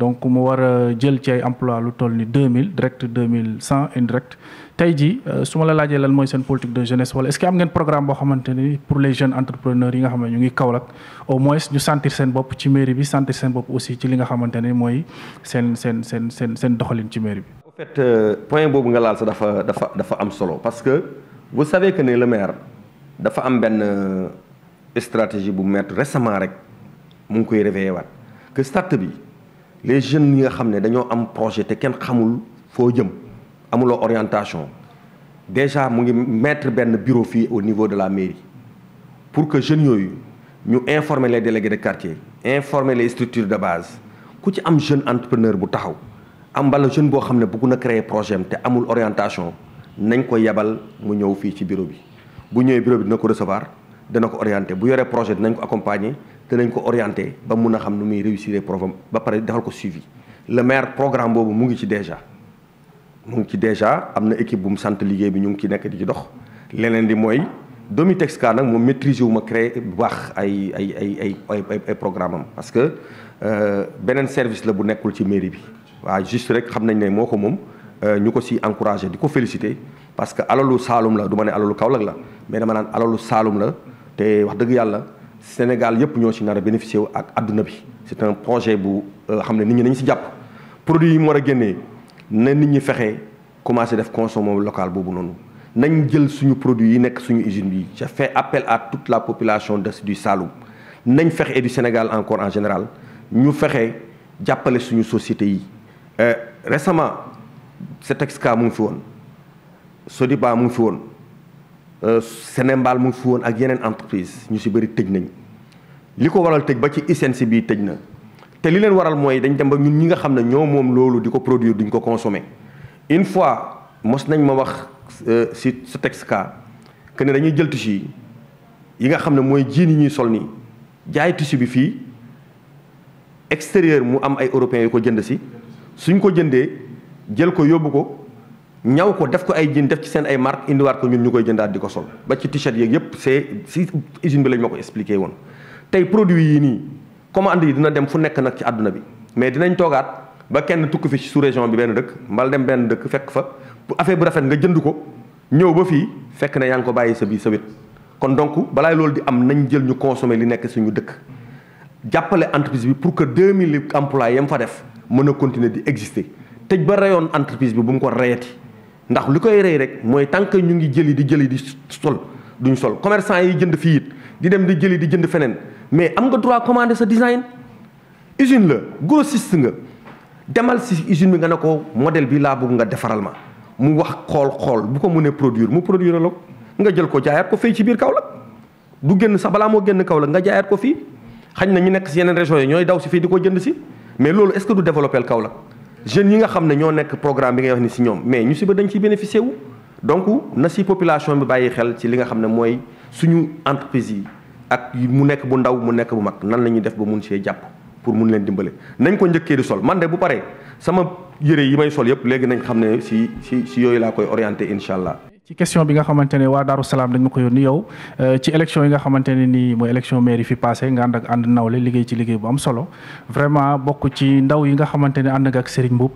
donc mu war a jël ci ay emploi lu toll ni deux mille direct deux mille cent indirect tey jii euh, su ma la laajee lan mooy seen politique de jeunesse wala est-ce que am ngeen programme boo xamante ni pour les jeunes entrepreneurs yi nga xam ne ñu ngi Kaolack au moins ñu sentir seen bopp ci mairie bi sentir seen bopp aussi ci li nga xamante ne mooy seen seen seen seen doxalin ci mairie bi. en fait euh, point boobu nga laal sax dafa dafa dafa am solo parce que vous savez que ne le maire dafa am benn euh, stratégie bu mettre récemment rek mu ngi koy réveillé waat que start bi les jeunes yi nga xam ne dañoo am projet te kenn xamul foo jëm. amuloo orientation déjà mu ngi metre benn bureau fii au niveau de la mairie pour que jeunes yooyu ñu informer les délégués de quartier informer les structures de base ku ci am jeune entrepreneur bu taxaw am bala jeune boo xam ne bëgg na créer projet te amul orientation nañ ko yebal mu ñëw fii ci bureau bi bu ñëwee bureau bi dina ko recevoir dana ko orienté bu yoree projet dinañ ko accompagner danañ ko orienté ba mun a xam nu muy réussir projet ba pare defal ko suivi le maire programme boobu mu ngi ci déjà mu ngi ci dèjà am na équipe bu mu sant liggéey bi ñu ngi ci nekk di ci dox leneen di mooy doomi Texca nag moom maîtriser wu ma créé bu baax ay ay ay ay programme parce que euh, beneen service la bu nekkul ci mairie bi waa juste rek xam nañ ne moo ko moom euh, ñu ko si encouragé di ko félicité parce que alalu Saalum la du ma ne alalu Kaolack la mais dama naan alalu Saalum la te wax dëgg yàlla Sénégal yëpp ñoo si nar a bénéficié ak àdduna bi c'est un projet bu euh, xam ne nit ñi nañ si jàpp produit yi mu war a génnee ne nit ñi fexe commencé def consommation locale boobu noonu nañ jël suñu produit yi nekk suñu usine bi je fais appel à toute la population de du Saloum nañ fexe et du Sénégal encore en général ñu fexe jàppale suñu société yi euh, récemment Setexca mu ngi fi woon Sodiba mu ngi fi woon euh, Sénémbal mu ngi fi woon ak yeneen entreprise ñu si bëri tëj nañ li ko waral tëj ba ci ICNC bii tëj na te li leen waral mooy dañ dem ba ñun ñi nga xam ne ñoo moom loolu di ko produire duñ ko consommer une fois mos nañ ma wax euh, si sa texte ka que ne dañuy jël tissu yi nga xam ne mooy jiin yi ñuy sol nii jaay tissu bi fii extérieur mu am ay européens yu ko jënd si suñ ko jëndee jël ko yóbbu ko ñaw ko def ko ay jiin def ci seen ay marque indiwaat ko ñun ñu koy jëndaat di ko sol ba ci t-shirt yeeg yëpp c'est si usine bi lañ ma ko expliquer woon tey produit yi nii. commande yi dina dem fu nekk nag ci àdduna bi mais dinañ toogaat ba kenn tukki fi sous région bi benn dëkk mbala dem benn dëkk fekk fa bu affaire bu rafet nga jënd ko ñëw ba fii fekk na yaa ngi ko bàyyi sa biir sa wét kon donc balaay loolu di am nañ jël ñu consommer li nekk suñu dëkk jàppale entreprise bi pour que 2000 emplois yam fa def mën a continuer di exister tëj ba reyoon entreprise bi bu mu ko reyati ndax li koy rey rek mooy tant que ñu ngi jëli di jëli di sol duñ sol commerçant yi jënd fii it di dem di di jënd feneen mais am nga droit commander sa design usine la sist nga demal si usine bi nga ne ko modèle bi laa bëgg nga defaral ma mu wax xool xool bu ko mënee produire mu produire la nga jël ko jaayaat ko fii ci biir Kaolack du génn sax balaa moo génn Kaolack nga jaayaat ko fii xañ na ñu nekk si yeneen régions yi ñooy daw si fii di ko jënd si mais loolu est-ce que du développé Kaolack jeunes yi nga xam ne ñoo nekk programme bi nga wax ni si ñoom mais ñu si ba dañ ciy bénéficier wu donc na si population bi bàyyi xel ci li nga xam ne mooy suñu entreprise yi ak mu nekk bu ndaw mu nekk bu mag nan la ñuy def ba mun see jàpp pour mun leen dimbale nañ ko njëkkee di sol man de bu paree sama yére yi may sol yëpp léegi nañ xam ne si si si yooyu laa koy orienté incha allah. ci question bi nga xamante ne waa Daaru Salaam dañ ma ko yónni yow euh, ci élection yi nga xamante ne nii mooy élection mairie fi passé nga ànd ak ànd nawle liggéey ci liggéey bu am solo vraiment bokk ci ndaw yi nga xamante ne ànd nga ak Serigne Mboup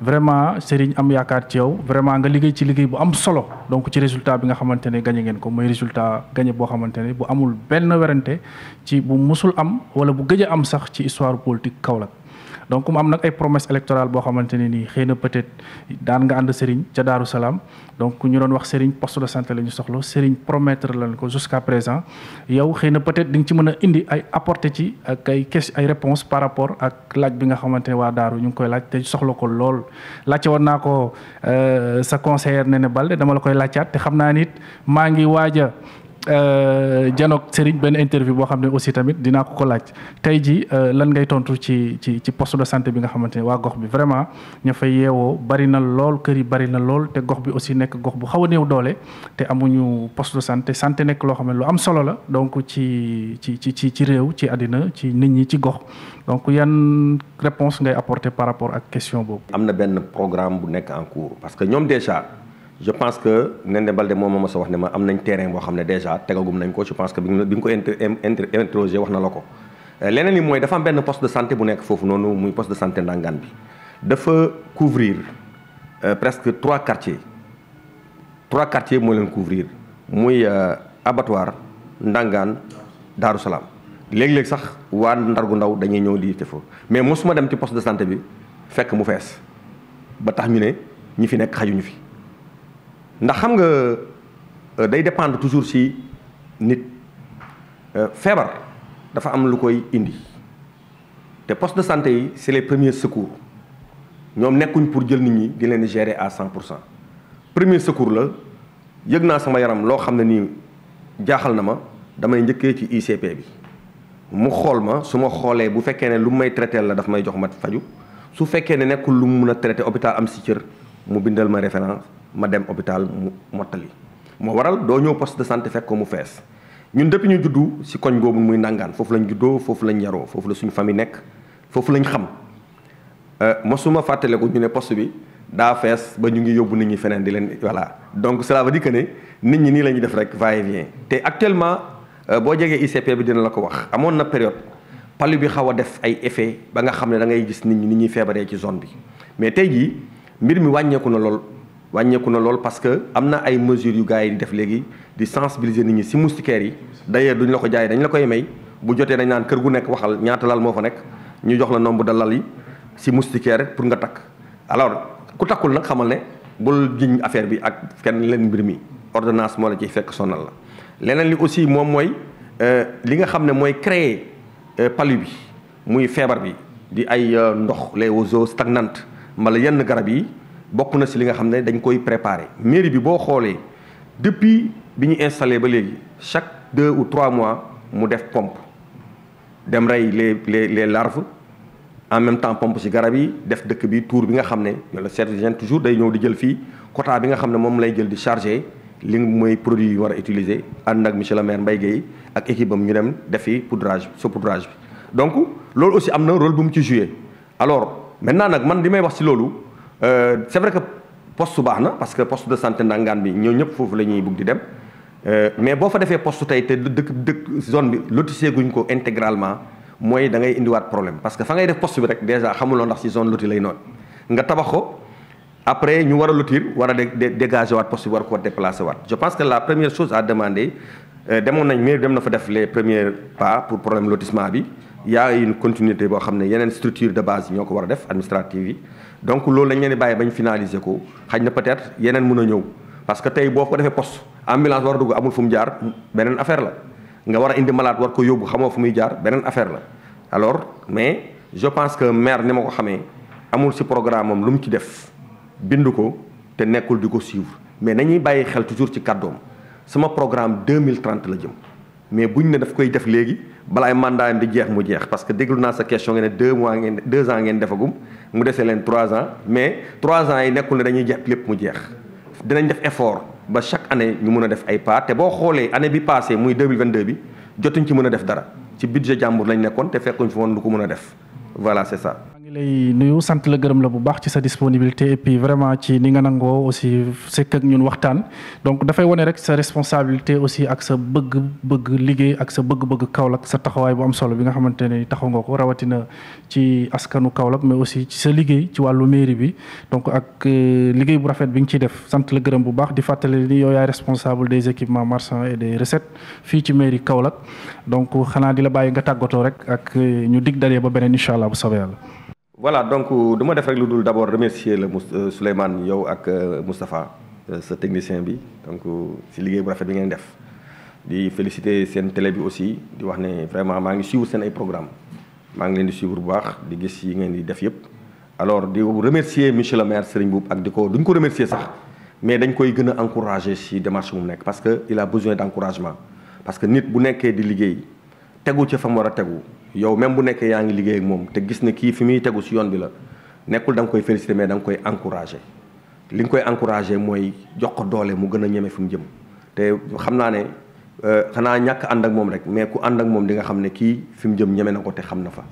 vraiment Serigne am yaakaar ci yow vraiment nga liggéey ci liggéey bu am solo donc ci résultat bi nga xamante ne gagné ngeen ko mooy résultat gagné boo xamante ne bu amul benn werante ci bu musul am wala bu gëj a am sax ci histoire politique Kaolack donc mu am nag ay promesse électorale boo xamante ne nii xëy na peut-être daan nga ànd Serigne ca Daaru Salaam donc ñu doon wax Serigne post de santé la ñu soxla Serigne promettre lañ ko jusqu'à présent yow xëy na peut-être di nga ci mën a indi ay apporter ci ak ay question ay réponse par rapport ak laaj bi nga xamante ne waa Daaru ñu ngi koy laaj te soxla ko lool laajte woon naa ko euh, sa ne ne Balde dama la koy laajaat te xam naa nit maa ngi waaj a janoog euh, Serigne benn interview boo xam ne aussi tamit dina ko ko laaj tey ji euh, lan ngay tontu ci ci ci poste de santé bi nga xamante ne waa gox bi vraiment ña fay yeewoo bari na lool kër yi bari na lool te gox bi aussi nekk gox bu xaw a néew doole te amuñu post de santé santé nekk loo xam ne lu am solo la donc ci ci ci ci réew ci àddina ci nit ñi ci gox donc yan réponse ngay apporter par rapport ak question boobu. am na benn programme bu nekk en cours parce que ñoom déjà. je pense que Nene Balde moom moo ma sa wax ne ma am nañ terrain boo xam ne déjà tegagum nañ ko je pense que bi nga ko inter interrogé wax na la ko. Euh, leneen li mooy dafa am benn poste de santé bu nekk foofu noonu muy poste de santé ndàngaan bi dafa couvrir euh, presque trois quartiers trois quartiers moo leen couvrir muy euh, abattoir ndàngaan Daaru Salaam léegi léeg sax waa ndargu ndaw dañuy ñëw lii te foofu mais mosuma dem ci poste de santé bi fekk mu fees ba tax ñu ne ñi fi nekk xajuñu fi. ndax xam nga euh, day dépendre toujours ci nit euh, feebar dafa am lu koy indi te poste de santé yi c'est les premiers secours ñoom nekkuñ pour jël nit ñi di leen gérer à cent pour cent premier secours la yëg naa sama yaram loo xam ne nii jaaxal na ma damay njëkkee ci ICP bi mu xool ma su ma xoolee bu fekkee ne lu may traité la daf may jox mat faju su fekkee ne nekkul lu mu mun a traité hôpital am si cër mu bindal ma référence ma dem hôpital mu mottali moo waral doo ñëw poste de santé fekk ko mu fees ñun depuis ñu juddu ci koñ boobu muy nangaan foofu lañ juddoo foofu lañ yaroo foofu la suñu famille nekk foofu lañ xam euh, mosuma fàttaleku ñu ne poste bi daa fees ba ñu ngi yóbbu nit ñi feneen di leen voilà donc cela veut dire que ne nit ñi nii la ñuy def rek va et te actuellement euh, boo jegee ICP bi dina la ko wax amoon na période palu bi xaw a def ay effet ba nga xam ne da ngay gis nit ñi nit ñuy feebaree ci zone bi mais tey jii mbir mi wàññeeku na lool. wàññeeku na lool parce que am na ay mesures yu gars yi def léegi di sensibiliser nit ñi si moustiquaires yi d'ailleurs duñu la ko jaay dañu la koy may bu jotee dañ naan kër gu nekk waxal ñaata lal moo fa nekk ñu jox la nombre de lal yi si moustiquaire pour nga takk alors ku takkul nag xamal ne bul jiñ affaire bi ak kenn leen mbir mi ordinance moo la ciy fekk sonal la leneen li aussi moom mooy euh, li nga xam ne mooy créer euh, palu bi muy feebar bi di ay euh, ndox les eaux stagnantes yenn garab yi bokk na si li nga xam ne dañ koy préparer mairie bi boo xoolee depuis bi ñu installé ba léegi chaque deux ou trois mois mu def pompe dem rey les les les larves en même temps pompe si garab yi def dëkk bi tour bi nga xam ne yow la service d'hygiène toujours day ñëw di jël fii quota bi nga xam ne moom lay jël di chargé li mooy produit yu war a utiliser ànd ak monsieur le maire Mbaye Guèye ak équipe am ñu dem defi poudrage saupoudrage bi donc loolu aussi am na rôle bu mu ci joué alors maintenant nag man li may wax si loolu Euh, c'est vrai que poste baax na parce que poste de santé ndangaan bi ñoo ñëpp foofu la ñuy bugg di dem euh, mais boo fa defee poste tey te dëkk dëkk zone bi lotissé guñ ko intégralement mooy da ngay indiwaat problème parce que fa ngay def post bi rek déjà xamuloo ndax si zone loti lay noonu nga tabax ko après ñu war a lotir war a dégage waat poste bi war ko déplacer waat je pense que la première chose à demander euh, demoon nañ mais dem na fa def les premiers pas pour problème lotissement bi y a une boo xam ne yeneen structure de base ñoo ko war def administrative yi donc loolu lañ ne di bàyyi bañ finaliser ko xaj na peut-être yeneen mun a ñëw parce que tey boo ko defee poste ambulance war a dugg amul fu mu jaar beneen affaire la nga war a indi malaat war ko yóbbu xamoo fu muy jaar beneen affaire la alors mais je pense que maire ni ma ko xamee amul si programme am lu mu ci def bind ko te nekkul di ko suivre mais nañuy bàyyi xel toujours ci kàddoom sama programme 2030 la jëm mais bu ñu ne daf koy def léegi balaay mandaayam di jeex mu jeex parce que déglu naa sa ne deux mois ngeen deux ans ngeen defagum mu desee leen trois ans mais trois ans yi nekkul ne dañuy jàpp lépp mu jeex dinañ def effort ba chaque année ñu mën a def ay pas te boo xoolee année bi passée muy 2022 bi jotuñ ci mën a def dara ci budget jàmbur lañ nekkoon te fekkuñ fi woon lu ko mën a def voilà c'est lay nuyu sant la gërëm la bu baax ci sa disponibilité et puis vraiment ci ni nga nangoo aussi sekk ak ñun waxtaan donc dafay wane rek sa responsabilité aussi ak sa bëgg-bëgg liggéey ak sa bëgg-bëgg Kaolack sa taxawaay bu am solo bi nga xamante ne taxaw nga ko rawatina ci askanu Kaolack mais aussi ci sa liggéey ci wàllu mairie bi donc ak euh, liggéey bu rafet bi nga ciy def sant la gërëm bu baax di fàttale ni yow yaay responsable des équipements marchands et des recettes fii ci mairie donc xanaa di la bàyyi nga tàggatoo rek ak euh, ñu dig dalee ba beneen incha allah bu soobee voilà donc euh, du ma def rek lu dul d' abord remercier la euh, Souleymane yow ak euh, Moustapha sa technicien bi donc si liggéey bu rafet bi ngeen def di féliciter seen télé bi aussi di wax ne vraiment maa ngi suivre seen ay programme maa ngi leen di suivre bu baax di gis yi ngeen di def yëpp alors di remercier monsieur le maire Serigne Boub ak di ko duñ ko remercier sax mais dañ koy gën a encourager si démarche mu nekk parce que il a besoin d' encouragement parce que nit bu nekkee di liggéey tegu ci fa mu a tegu yow même bu nekkee yaa ngi liggéey ak moom te gis ne kii fi muy tegu si yoon bi la nekkul danga koy féliciter mais da koy encourager li nga koy encourager mooy jox ko doole mu gën a ñeme fi mu jëm te xam naa ne euh, xanaa ñàkk ànd ak moom rek mais ku ànd ak moom di nga xam ne kii fi mu jëm ñeme na ko te xam na fa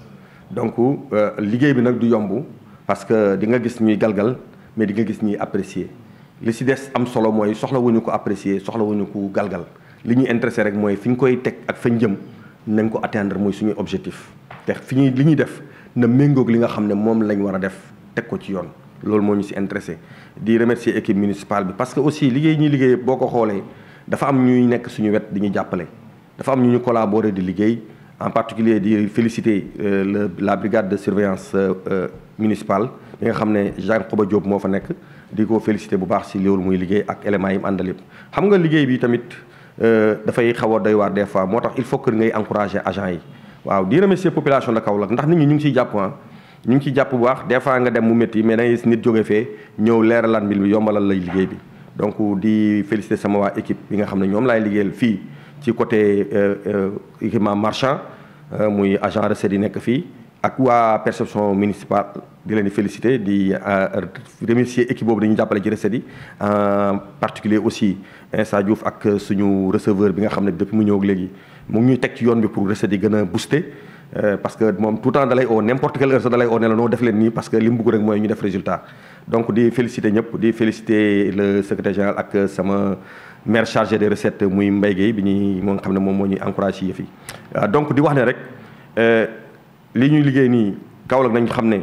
donc euh, liggéey bi nag du yomb parce que di nga gis ñuy galgal mais di gis ñuy apprécier li si des am solo mooy soxlawuñu wuñu ko apprécier soxlawuñu wuñu ko galgal li ñuy intéressé rek mooy fi ñu koy teg ak fañ jëm nañ ko atteindre mooy suñu objectif te fi ñuy li ñuy def na méngoog li nga xam ne moom lañ war a def teg ko ci yoon loolu moo ñu si intéressé di remercier équipe municipale bi parce que aussi liggéey ñuy liggéey boo ko xoolee dafa am ñuy nekk suñu wet di ñu jàppale dafa am ñu ñu collaborer di liggéey en particulier di féliciter euh, le la brigade de surveillance euh, euh, municipale bi nga xam ne Jean Xoba Diop moo fa nekk di ko féliciter bu baax si loolu muy liggéey ak éléments yi mu yëpp xam liggéey bi tamit Euh, dafay xaw a doy waar des fois moo tax il faut que ngay encourager agent yi waaw di remercier population de Kaolack ndax nit ñi ñu ngi ciy jàpp waa ah. ñu ngi ciy jàpp bu baax des fois nga dem mu métti mais da nit jóge fee ñëw leeralaat mbir bi yombalal lay liggéey bi donc di féliciter sama waa équipe bi nga xam ne ñoom laay liggéeyal fii ci côté euh, euh, équipement marchand muy agent recette yi nekk fii ak waa perception municipale di leen di féliciter di euh, remercier équipe boobu dañuy jàppale ci recettes yi en particulier aussi Insa Diouf ak suñu receveur bi nga xam ne depuis mu ñëw ak léegi mu ngi ñuy teg ci yoon bi pour recettes yi gën a booster euh, parce que moom tout le temps dalay oo n'importe quelle heure noo def leen nii parce que li mu bëgg rek mooy ñu def résultat donc di féliciter ñëpp di féliciter le secrétaire général ak sama maire chargé des recettes muy Mbaye Gueye bi ñuy xam ne moom moo ñuy encouragé yëf yi euh, di wax ne li ñuy liggéey nii Kaolack nañ xam ne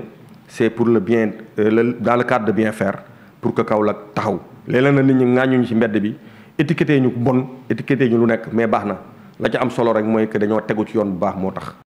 c'est pour le bien euh, dans le cadre de bien faire pour que Kaolack taxaw léeg-léeg na nit ñi ŋàññuñu ci mbedd bi étiqueté ñu bon étiqueté ñu lu nekk mais baax na la ca am solo rek mooy que dañoo tegu ci yoon bu baax moo tax.